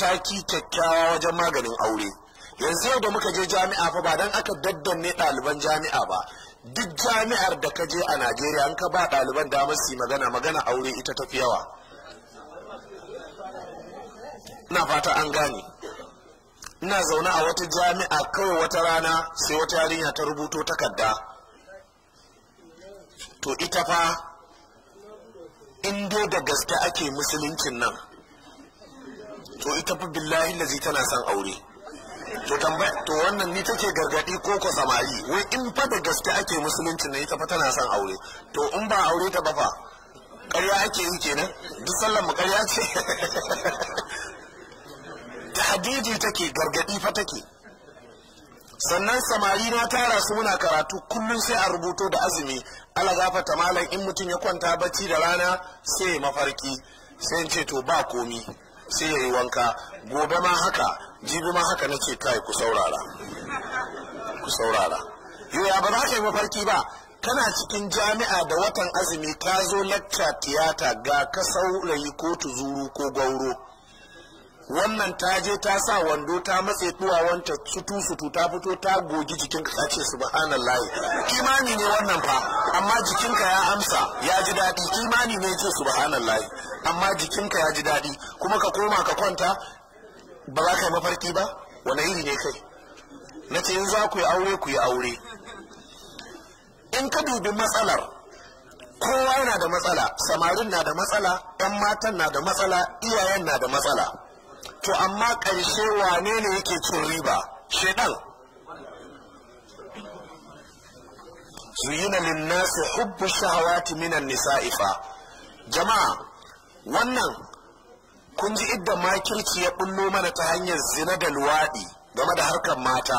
mataki kyakkyawa wajen maganin aure yanzu yau da muka je jami'a fa ba dan aka daddanne ɗaliban jami'a ba duk jami'ar da ka je a najeriya an ka ba ɗaliban damar su magana magana aure ita tafi yawa na fata an gane ina zaune a wata jami'a kawai wata rana sai wata yarinya ta rubuto takarda to ita fa in dai da gaske ake musuluncin nan to ita fi billahi lazi tana son aure to tambaya to wannan ni take gargadi ko ko samari wai in fa da gaske ake musulunci ne ita fa tana son aure to in ba aure ta ba fa ƙarya ake yi kenan duk sallar mu ƙarya ce hadiji take gargadi fa take sannan samari na tara su muna karatu kullum sai a rubuto da azumi ala gafata malam in mutum ya kwanta bacci da rana sai mafarki sai ce to ba komi sai ya yi wanka gobe ma haka jibi ma haka nake kai ku saurara ku saurara yoya ba za ka yi mafarki ba kana cikin jami'a da watan azumi ta zo lacca tiyata ga ka saurayi ko tuzuru ko gauro wannan ta je ta sa wando ta matse wanta sutu sutu ta fito ta gogi jikinka ka ce subhanallahi imani ne wannan fa amma jikinka ya amsa ya ji daɗi imani ne ce subhanallahi amma jikinka ya ji daɗi kuma ka koma ka kwanta ba za ka yi mafarki ba wani iri ne kai na ce in za ku yi aure ku yi aure in ka dubi matsalar kowa yana da matsala samarin na da matsala 'yan matan na da matsala iyayen na da matsala to amma ƙarshe wane ne yake cin riba shedan zuyina linnasi hubbu shahawati minan nisa'ifa jama'a wannan kun ji idda makirci ya bullo mana ta hanyar zina da luwaɗi game da harkar mata